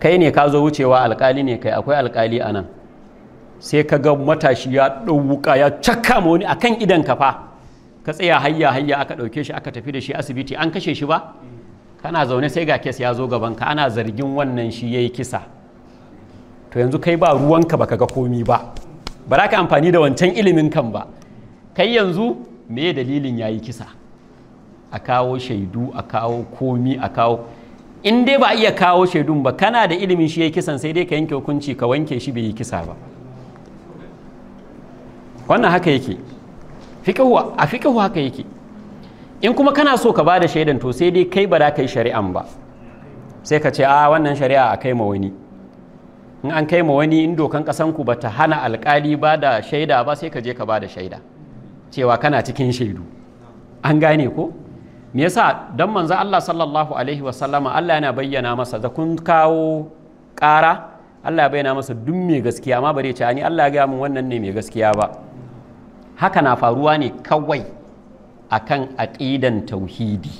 Speaker 1: kai ne ka zo wucewa alkali ne kai akwai alkali a nan sai ka ga matashi ya ɗauka ya cakka ma wani akan idan ka fa ka tsaya hayya hayya aka ɗauke shi aka tafi da shi asibiti an kashe shi ba kana zaune sai ga kes ya zo gaban ka ana zargin wannan shi yayi kisa to yanzu kai ba ruwanka baka ga komi ba ba za ka amfani da wancan ilimin kan ba kai yanzu me dalilin yayi kisa a kawo shaidu a kawo komi a kawo in dai ba iya kawo shaidun ba kana da ilimin shi ya kisan sai dai ka yanke hukunci ka wanke shi bai yi kisa ba wannan haka yake a fikahu haka yake in kuma kana so ka ba da shaidan to sai dai kai ba za ka yi shari'an ba sai ka ce a wannan shari'a a kai ma wani in an kai ma wani in dokan kasan ku bata hana alkali ba da shaida ba sai ka je ka ba da shaida cewa kana cikin shaidu an gane ko me yasa dan manzo Allah sallallahu alaihi wa sallama Allah yana bayyana masa da kun kawo ƙara Allah ya bayyana masa duk mai gaskiya amma bare ce ni Allah ya ga mun wannan ne mai gaskiya ba haka na faruwa ne kawai akan aƙidan tauhidi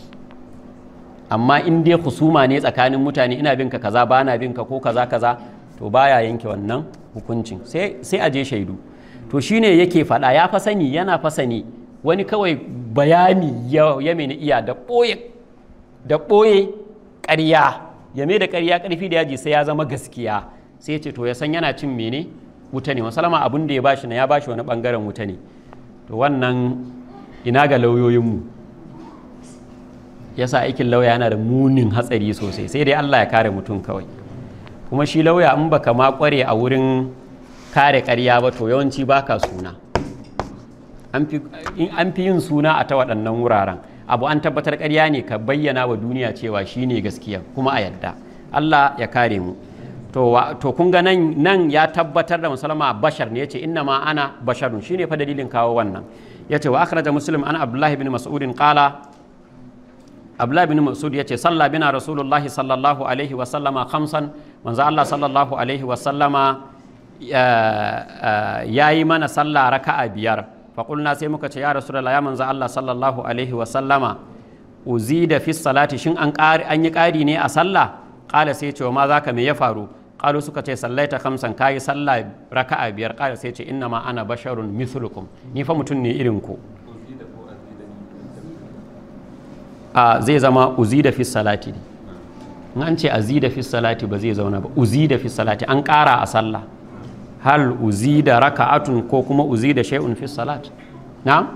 Speaker 1: amma in dai husuma ne tsakanin mutane ina binka kaza bana na binka ko kaza kaza to baya yanke wannan hukuncin sai a je shaidu to shine yake faɗa ya fa sani yana fa sani wani kawai bayani ya mene iya da ɓoye ƙarya ya da ƙarya ƙarfi da yaji sai ya zama gaskiya sai ce to ya san yana cin mene wuta ne masalama abin da ya bashi na ya bashi wani ɓangaren wuta ne to wannan ina ga lauyoyinmu Ya sa aikin lauya yana da munin hatsari sosai sai dai Allah ya kare mutum kawai kuma shi lauya in baka ma kware a wurin kare karya ba to yawanci baka suna an fi yin suna a ta waɗannan wuraren abu an tabbatar karya ne ka bayyana wa duniya cewa shine gaskiya kuma a yadda Allah ya kare mu to kun ga nan ya tabbatar da musulma bashar ne ya ce inna ma ana basharun shi ne fa dalilin kawo wannan yace wa akhraja muslim an abdullahi ibn mas'ud qala abdullahi bin mas'ud yace salla bina rasulullahi sallallahu alaihi wa sallama khamsan manzo Allah sallallahu alaihi wa sallama yayi mana sallah raka'a biyar fa qulna sai muka ce ya rasulullahi ya manzo Allah sallallahu alaihi wa sallama uzida fi salati shin an an yi ƙari ne a salla? qala sai ce ma zaka me ya faru Alu suka ce sallaita khamsan kayi sallah raka'a biyar qala sai ce inna ma ana basharun mithlukum ni fa mutum ne irin ku a zai zama uzida fi salati an ce azida fi salati ba zai zauna ba uzida fi salati an ƙara a sallah hal uzida raka'atun ko kuma uzida shay'un fi salat na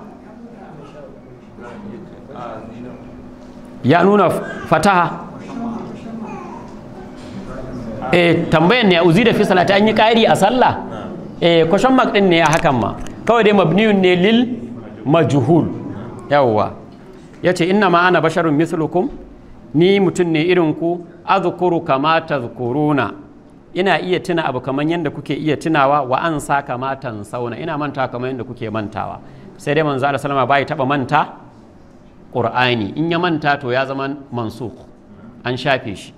Speaker 1: ya nuna fataha eh tambayan ne a uzi da fi salati an yi ƙari a sallah eh question mark din ne ya hakan ma kawai dai mabniyun ne lil majhul yawwa yace inna ma ana basharun mislukum ni mutum ne irin ku azkuru kama tazkuruna ina iya tuna abu kaman yadda kuke iya tunawa wa an sa kama sauna? ina manta kaman yadda kuke mantawa sai dai manzo Allah sallama bai taba manta Qur'ani in ya manta to ya zama mansukh an shafe shi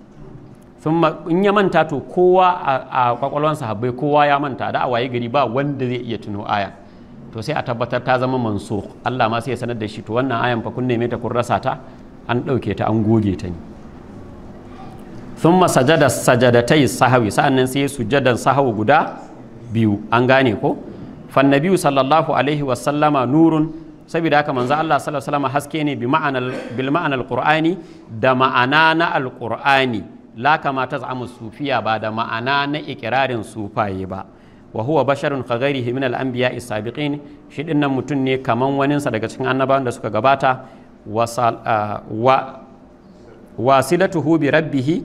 Speaker 1: in ya manta to kowa a kwakwalwansa sahabbai kowa ya manta da a waye gari ba wanda zai iya tuno aya to sai a tabbatar ta zama manso Allah ma sai ya sanar da shi to wannan ayan fa kun neme ta kun rasa ta an ɗauke ta an goge ta ne thumma sajada sajadatai sahawi sa'annan sai sujadan sahawi guda biyu an gane ko fannabiyu sallallahu alaihi wasallama nurun saboda haka manzo Allah sallallahu alaihi haske ne bi ma'anar bil ma'anal qur'ani da ma'ana na alqur'ani la ta za'amu sufiya ba da ma'ana na ikirarin sufaye ba wa huwa basharun ka ghairihi min al-anbiya sabiqin shi dinnan mutum ne kaman waninsa daga cikin annabawan da suka gabata wa ah, wasilatuhu bi rabbihi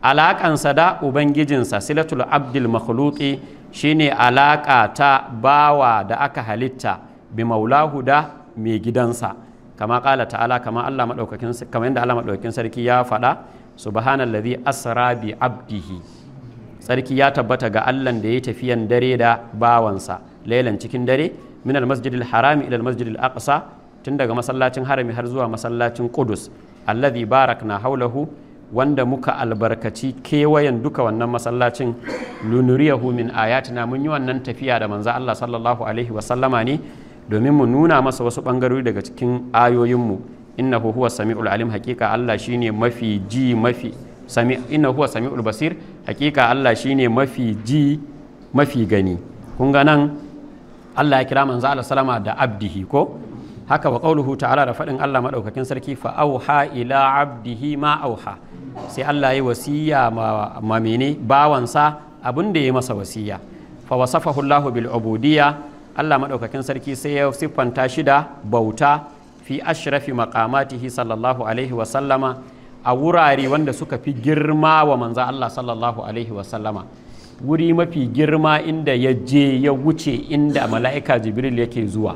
Speaker 1: alaƙansa da ubangijinsa silatul abdul makhluqi shine alaƙa ta bawa da aka halitta bi maulahu da mai gidansa kama ƙala ta'ala kama Allah madaukakin yadda Allah madaukakin sarki ya faɗa subhanallazi asra bi abdihi sarki ya tabbata ga Allah da ya tafiyan dare da bawansa lailan cikin dare min masjidin harami ila almasjidil aqsa tun daga masallacin harami har zuwa masallacin qudus allazi na haulahu wanda muka albarkaci kewayen duka wannan masallacin lunuriyahu min ayatina mun yi wannan tafiya da manzo Allah sallallahu alaihi wasallama ne domin mu nuna masa wasu bangarori daga cikin ayoyinmu innahu huwa sami'ul alim haqiqa Allah shine mafi ji mafi sami inna huwa sami'ul basir haqiqa Allah shine mafi ji mafi gani kun ga nan Allah ya kira manzo Allah salama da abdihi ko haka wa qauluhu ta'ala da fadin Allah madaukakin sarki fa auha ila abdihi ma auha sai Allah ya wasiya ma, ma mene bawansa abin da ya masa wasiya fa wasafahu Allahu bil ubudiyya Allah madaukakin sarki sai ya siffanta shi da bauta fi ashrafi maqamatihi sallallahu alaihi wa a wurare wanda suka fi girma wa manza Allah sallallahu alaihi wa wuri mafi girma inda ya je ya wuce inda mala'ika jibril yake zuwa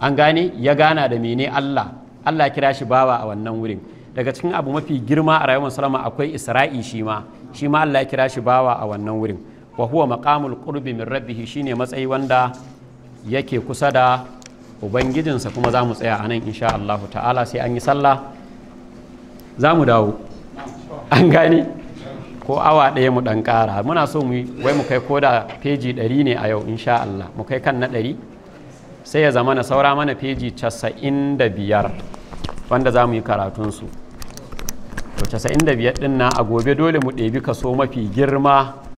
Speaker 1: an gane ya gana da mene Allah Allah kira shi bawa a wannan wurin daga cikin abu mafi girma a rayuwar salama akwai isra'i shi ma shi ma Allah kira shi bawa a wannan wurin wa huwa maqamul qurbi min shi shine matsayi wanda yake kusa da ubangijinsa kuma za mu tsaya a nan insha Allah ta'ala sai an yi sallah za mu dawo an gane ko awa ɗaya mu ɗan ƙara muna so mu wai mu kai koda peji ɗari ne a yau insha Allah mu kai kan na ɗari sai ya zama na saura mana peji 95 wanda za mu yi karatunsu to casa'in ɗin na a gobe dole mu ɗebi kaso mafi girma